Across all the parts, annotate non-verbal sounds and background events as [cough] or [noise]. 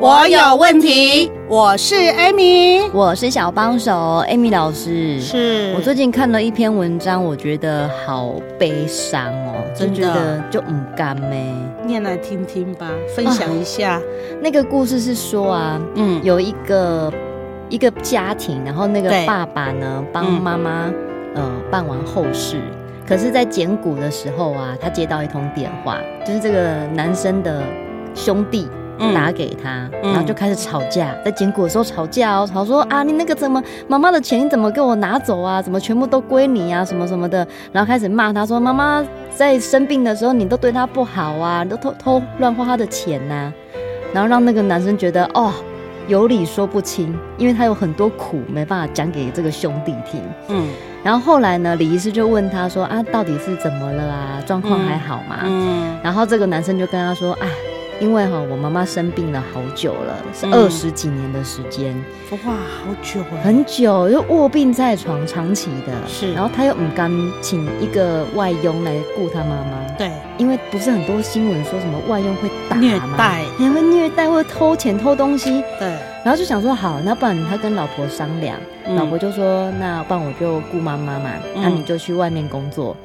我有問題，我是艾米，我是小幫手艾米老師，是，我最近看了一篇文章，我覺得好悲傷哦，真的就覺得很不甘咩，念來聽聽吧，分享一下。啊、那個故事是說啊，嗯，有一個一個家庭，然後那個爸爸呢幫媽媽呃辦完後事，嗯、可是，在撿骨的時候啊，他接到一通電話，就是這個男生的兄弟。拿給他，嗯、然後就開始吵架，嗯、在撿骨的時候吵架哦，吵說啊，你那個怎麼媽媽的錢你怎麼給我拿走啊？怎麼全部都歸你啊？什麼什麼的，然後開始罵他說媽媽在生病的時候你都對他不好啊，你都偷偷亂花他的錢吶、啊，然後讓那個男生覺得哦，有理說不清，因為他有很多苦沒辦法講給這個兄弟聽。嗯，然後後來呢，李醫師就問他說啊，到底是怎麼了啊？狀況還好嗎？嗯，嗯然後這個男生就跟他說啊。哎因為哈，我媽媽生病了好久了，是二十幾年的時間。話、嗯、好久了！很久，又臥病在床，長期的。是，然後他又不敢請一個外傭來顧他媽媽。對，因為不是很多新聞說什麼外傭會打嗎虐待，也會虐待，會偷錢偷東西。對，然後就想說好，那不然他跟老婆商量，嗯、老婆就說那不然我就顧媽媽嘛，那、嗯啊、你就去外面工作。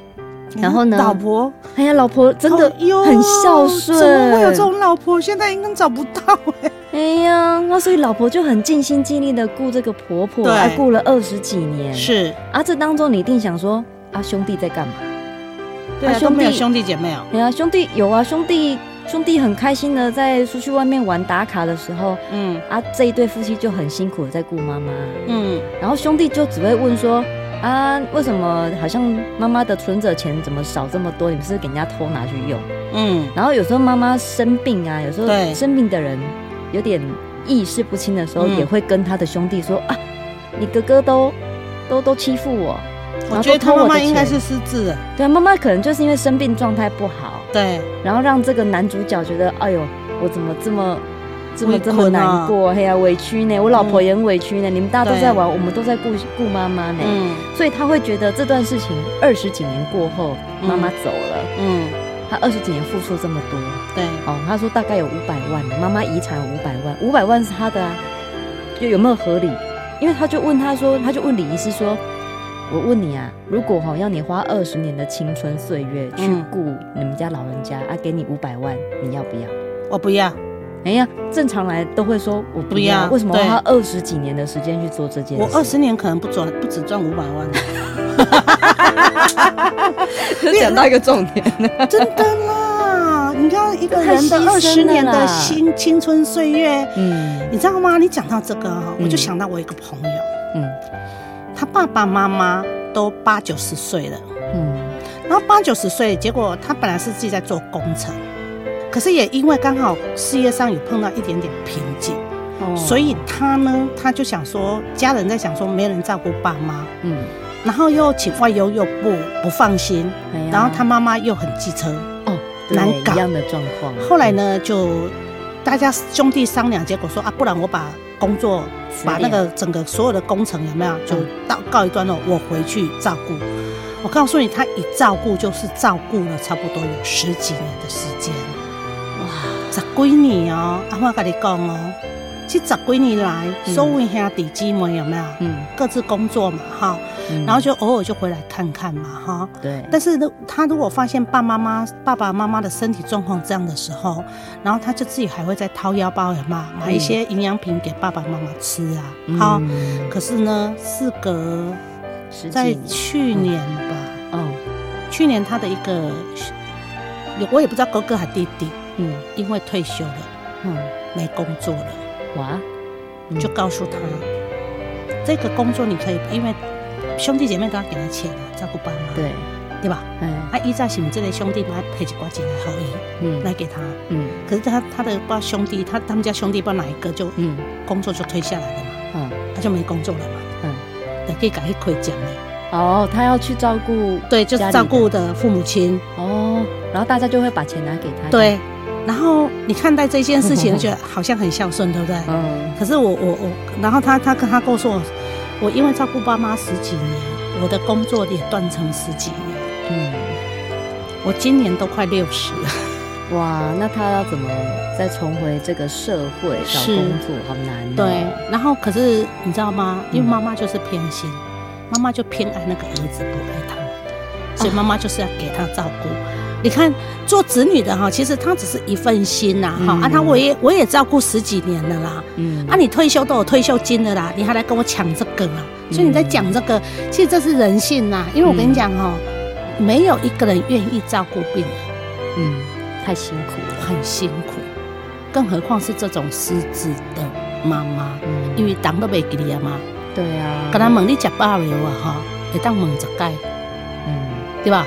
然後呢？老婆，哎呀，老婆真的很孝順、哦，怎麼會有這種老婆？現在應該找不到哎、欸。哎呀，那、啊、所以老婆就很盡心盡力的顧這個婆婆，對，顧、啊、了二十幾年。是，啊，這當中你一定想說，啊，兄弟在幹嘛？對啊，兄弟，兄弟姐妹，哎呀，兄弟有啊，兄弟，兄弟很開心的在出去外面玩打卡的時候，嗯，啊，這一對夫妻就很辛苦的在顧媽媽，嗯，然後兄弟就只會問說。啊，為什麼好像媽媽的存折錢怎麼少這麼多？你們是不是給人家偷拿去用？嗯，然後有時候媽媽生病啊，有時候生病的人有點意識不清的時候，也會跟他的兄弟說、嗯、啊，你哥哥都都都欺負我，然後偷我的錢。我覺得媽媽應該是失智的。對，媽媽可能就是因為生病狀態不好。對，然後讓這個男主角覺得，哎呦，我怎麼這麼。這麼這麼難過，哎呀、啊啊、委屈呢，我老婆也很委屈呢。嗯、你們大家都在玩，對我們都在顧顧媽媽呢，嗯、所以他會覺得這段事情二十幾年過後，媽媽走了，嗯，他二十幾年付出這麼多，對，哦，他說大概有五百萬的，媽媽遺產有五百萬，五百萬是他的、啊，就有，有沒有合理？因為他就問他說，他就問李醫師說，我問你啊，如果哈、哦、要你花二十年的青春歲月去顧你們家老人家、嗯、啊，給你五百萬，你要不要？我不要。哎呀，正常來都會說，我不要，不要為什麼花二十幾年的時間去做這件事？我二十年可能不賺，不只賺五百萬。你講到一個重點 [laughs] 真的啦，你知道一個人的二十年的青青春歲月，嗯，你知道嗎？你講到這個，我就想到我一個朋友，嗯，嗯，他爸爸媽媽都八九十歲了，嗯，然後八九十歲，結果他本來是自己在做工程。可是也因為剛好事業上有碰到一點點瓶頸，哦、所以他呢，他就想說，家人在想說，沒人照顧爸媽，嗯，然後又請外傭又不不放心，啊、然後他媽媽又很記仇，哦，難搞。一樣的狀況。後來呢，就大家兄弟商量，結果說啊，不然我把工作，把那個整個所有的工程有沒有就到告一段落，我回去照顧。嗯、我告訴你，他一照顧就是照顧了差不多有十幾年的時間。閨女哦，阿媽、喔、跟你講哦、喔，去找閨女來，收一下底。兄弟姐妹有沒有？嗯，各自工作嘛，哈，嗯、然後就偶爾就回來看看嘛，哈。對。但是，他如果發現爸爸媽媽，爸爸媽媽的身體狀況這樣的時候，然後他就自己還會再掏腰包也，有嘛，買一些營養品給爸爸媽媽吃啊，哈，嗯、可是呢，事隔在去年吧，年吧，嗯，哦、去年他的一個，我也不知道哥哥還弟弟。嗯，因為退休了，嗯，沒工作了，哇，就告訴他，這個工作你可以，因為兄弟姐妹都要給他錢啊，照顧爸媽，對，對吧？嗯，那依照什麼？這些兄弟他排着掛進來好意，嗯，來給他，嗯，可是他他的爸兄弟，他他們家兄弟把哪一個就，嗯，工作就退下來了嘛，嗯，他就沒工作了嘛，嗯，可以改去開店了哦，他要去照顧，對，就是照顧的父母親。哦，然後大家就會把錢拿給他，對。然後你看待這件事情，就好像很孝順， [laughs] 對不對？嗯。可是我我我，然後他他跟他告訴我，我因為照顧爸媽十幾年，我的工作也斷層十幾年。嗯。我今年都快六十了。哇，那他要怎麼再重回這個社會找工作，是 好難、哦。對，然後可是你知道嗎？因為媽媽就是偏心，嗯、媽媽就偏愛那個兒子，不愛他，所以媽媽就是要給他照顧。啊嗯你看，做子女的哈，其實他只是一份心吶，哈，啊，嗯、啊他我也我也照顧十幾年了啦，嗯，啊，你退休都有退休金了啦，你還來跟我搶這個啦、啊。所以你在講這個，嗯、其實這是人性吶，因為我跟你講哦、喔，嗯、沒有一個人願意照顧病人，嗯，太辛苦了，很辛苦，更何況是這種失智的媽媽，嗯、因為黨都未給你嘛，對啊，跟他問你吃飽未哇哈，會當猛着街，嗯，十嗯對吧？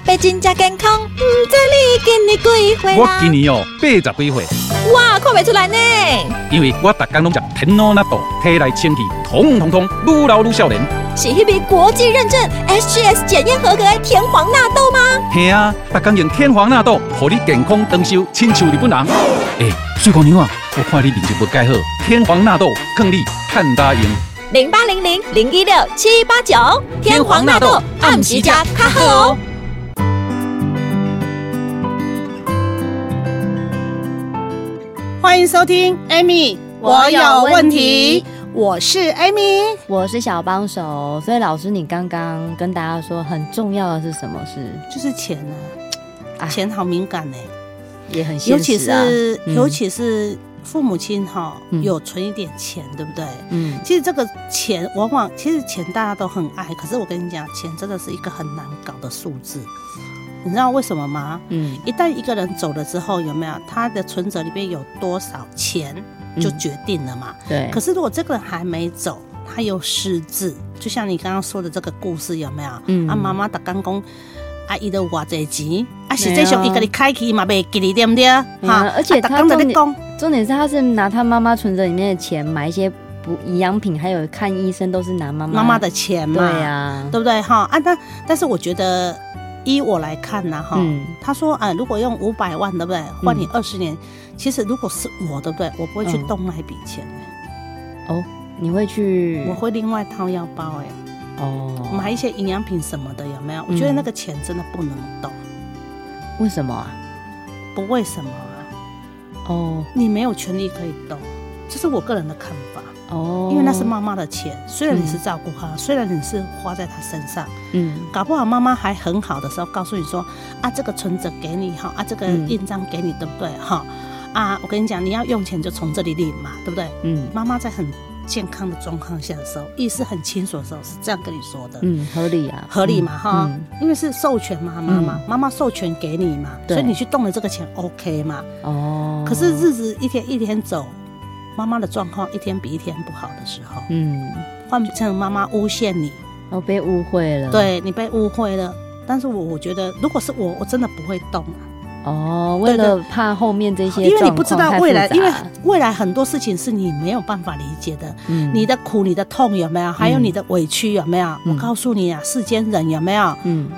白真吃健康，唔知你今年過幾歲？我今年哦、喔、八十幾歲，哇，看不出來呢。因為我逐天攏食天皇納豆，體內清器統統統愈老愈少年。是迄筆國際認證 SGS 檢驗合格的天皇納豆嗎？嚇啊！逐天用天皇納豆，讓你健康長壽。親像日本人。誒、 [laughs] 欸，水姑娘啊，我看你名字不改好。天皇納豆，勸你趁大用。零八零零零一六七八九，89, 天皇納豆，按、啊、時吃、哦，看、啊、好，好、哦。歡迎收聽，Amy，我有問題，我有問題，我是 Amy，我是小幫手，所以老師，你剛剛跟大家說很重要的是什麼？是就是錢呢、啊，錢好敏感呢、欸，也很唉尤其是尤其是父母親哈有存一點錢，對不對？嗯，其實這個錢往往其實錢大家都很愛，可是我跟你講，錢真的是一個很難搞的數字。你知道為什麼嗎？嗯，一旦一個人走了之後，有沒有他的存折裡面有多少錢就決定了嘛。嗯、對。可是如果這個人還沒走，他又失智，就像你剛剛說的這個故事，有沒有？嗯。啊媽媽打工，阿姨的娃在急，啊且在手給你開啟嘛？被給你對不對、嗯、啊而且打工的工，啊、重點是他是拿他媽媽存折裡面的錢買一些補營養品，還有看醫生都是拿媽媽媽媽的錢嘛？對呀、啊，對不對？哈。啊，但但是我覺得。依我來看呢、啊、哈、嗯，他說，啊、哎、如果用五百萬，對不對，換你二十年，嗯、其實如果是我，對不對，我不會去動那一筆錢、欸嗯、哦，你會去？我會另外掏腰包、欸，哎，哦，買一些營養品什麼的，有沒有？嗯、我覺得那個錢真的不能動。為什麼、啊？不為什麼啊？哦，你沒有權利可以動，這是我個人的看法。哦，因為那是媽媽的錢，雖然你是照顧她，嗯、雖然你是花在她身上，嗯，搞不好媽媽還很好的時候告訴你說啊，這個存折給你哈，啊，這個印章給你，對不對哈？嗯、啊，我跟你講，你要用錢就從這裡領嘛，對不對？嗯，媽媽在很健康的狀況下的時候，意識很清楚的時候，是這樣跟你說的。嗯，合理啊，合理嘛哈，嗯嗯、因為是授權媽媽嘛，媽媽、嗯，媽媽授權給你嘛，對所以你去動了這個錢，OK 嘛？哦，可是日子一天一天走。媽媽的狀況一天比一天不好的時候，嗯，換成媽媽誣陷你，哦，被誤會了，對，你被誤會了。但是我覺得，如果是我，我真的不會動啊，哦，為了怕後面這些，因為你不知道未來，因為未來很多事情是你沒有辦法理解的。嗯，你的苦、你的痛有沒有？還有你的委屈有沒有？嗯，我告訴你啊，世間人有沒有？嗯，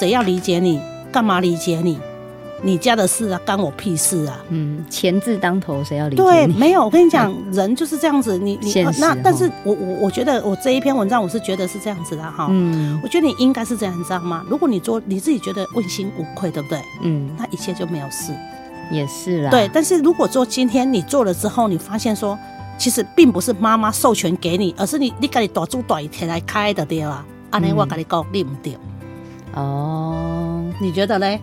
誰要理解你？幹嘛理解你？你家的事啊，干我屁事啊！嗯，錢字當頭，誰要理你？對，沒有。我跟你講，像人就是這樣子。你你實、啊、那，但是我我我覺得，我這一篇文章，我是覺得是這樣子的哈。嗯，我覺得你應該是這樣，知道嗎？如果你做，你自己覺得問心無愧，對不對？嗯，那一切就沒有事。也是啦。對，但是如果說今天你做了之後，你發現說，其實並不是媽媽授權給你，而是你你趕緊多住多一天來開的，對吧？啊，你大主大主，嗯、我跟你講，你不對。哦，你覺得咧？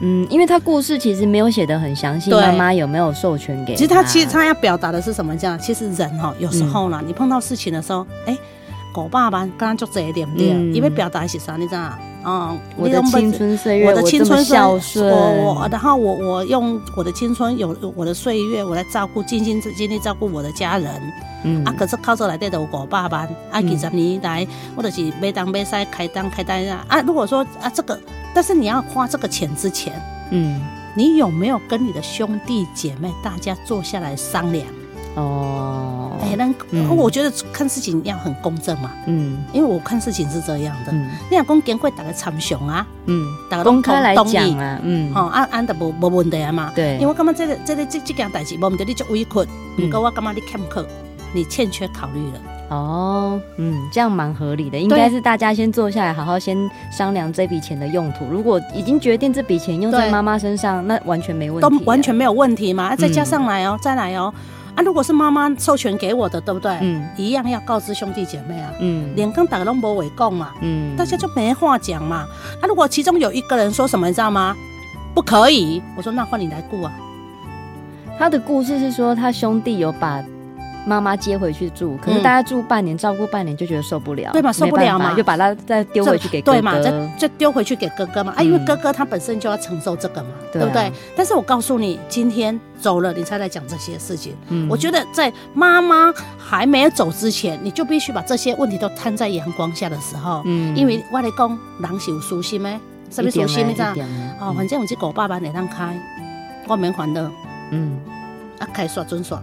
嗯，因為他故事其實沒有寫得很詳細，媽媽對有沒有授權給他？其實他其實他要表達的是什麼？這樣，其實人哈，有時候呢，嗯、你碰到事情的時候，哎、欸，狗爸爸剛剛就這一點點，因為、嗯、表達是啥？你知道？嗯，我的青春歲月，我的青春歲月，我這麼孝順，我我然後我我用我的青春有我的歲月，我來照顧盡心盡力照顧我的家人。嗯啊，可是靠着來着我爸爸，班啊，幾十年來、嗯、或者是每當每賽開單開單啊。如果說啊這個，但是你要花這個錢之前，嗯，你有沒有跟你的兄弟姐妹大家坐下來商量？哦。但我覺得看事情要很公正嘛，嗯，因為我看事情是這樣的，你老公嚴貴打個長熊啊，嗯，打個東東東啊，嗯，好，安安的無無問題啊嘛，對，因為幹嘛這個這個這這件代志無問題，你就委屈，唔夠我幹嘛你坎坷，你欠缺考慮了。哦，嗯，這樣蠻合理的，應該是大家先坐下來，好好先商量這筆錢的用途。如果已經決定這筆錢用在媽媽身上，那完全沒問題，都完全沒有問題嘛，那再加上來哦，再來哦。啊，如果是媽媽授權給我的，對不對？嗯，一樣要告知兄弟姐妹啊。嗯，連跟大人不為共嘛。嗯，大家就沒話講嘛。啊，如果其中有一個人說什麼，你知道嗎？不可以。我說那換你來顧啊。他的故事是說，他兄弟有把。媽媽接回去住，可是大家住半年，照顧半年就覺得受不了，對嘛？受不了嘛，就把它再丟回去給哥哥。對嘛，就丟回去給哥哥嘛。哎，因為哥哥他本身就要承受這個嘛，對不對？但是我告訴你，今天走了，你才來講這些事情。嗯，我覺得在媽媽還沒有走之前，你就必須把這些問題都攤在陽光下的時候。嗯，因為外來工難有舒心咩？什麼舒心呢？哦，反正我這五百萬也當開，我免煩惱。嗯，啊開耍準耍。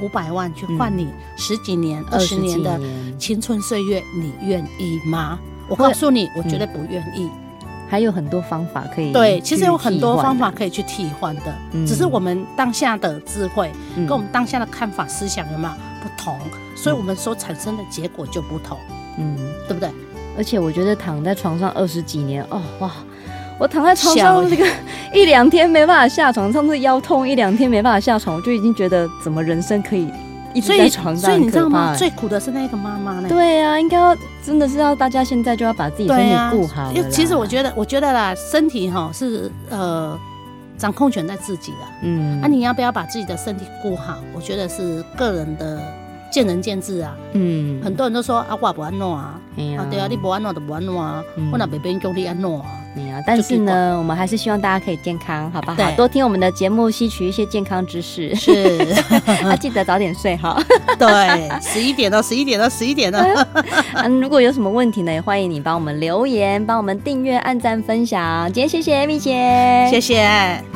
五百萬去換你十幾年，二十、嗯、年的青春歲月，你願意嗎？我告訴你，我絕對不願意，嗯。還有很多方法可以對，其實有很多方法可以去替換的，嗯、只是我們當下的智慧跟我們當下的看法，思想有沒有不同，嗯、所以我們所產生的結果就不同。嗯，嗯，對不對？而且我覺得躺在床上二十幾年，哦，哇！我躺在床上，這個一兩天沒辦法下床，上次腰痛一兩天沒辦法下床，我就已經覺得怎麼人生可以一直在床上、欸所。所以你知道嗎？最苦的是那個媽媽、欸。對啊，應該要真的是要大家現在就要把自己身體顧好。啊、因為其實我覺得，我覺得啦，身體哈是呃掌控權在自己的。嗯。啊，你要不要把自己的身體顧好？我覺得是個人的見仁見智啊。嗯。很多人都說啊，掛不安諾啊。對啊,啊對啊，你不安諾都不安諾啊。嗯、我那北邊你叫你安諾啊。嗯、但是呢，是我們還是希望大家可以健康，好不好？對好，多聽我們的節目，吸取一些健康知識。是，那、 [laughs] [laughs] 啊、記得早點睡哈。 [laughs] 對，十一點了，十一點了，十一點了。嗯、 [laughs] 哎啊，如果有什麼問題呢，也歡迎你幫我們留言，幫我們訂閱、按讚、分享。今天謝謝米姐，謝謝。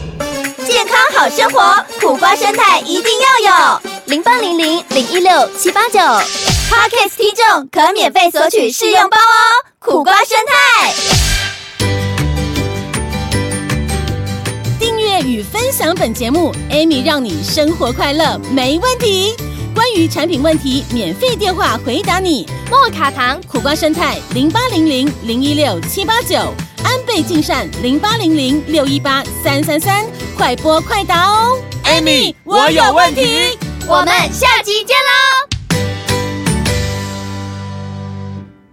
健康好生活，苦瓜勝肽一定要有。零八零零零一六七八九 Podcast 聽眾可免費索取試用包哦。苦瓜勝肽，訂閱與分享本節目，Amy 讓你生活快樂，沒問題。關於產品問題，免費電話回答你。莫卡糖苦瓜勝肽零八零零零一六七八九，89, 安倍晉善零八零零六一八三三三。快播快答哦，AMY 我有問題，我們下集見啦。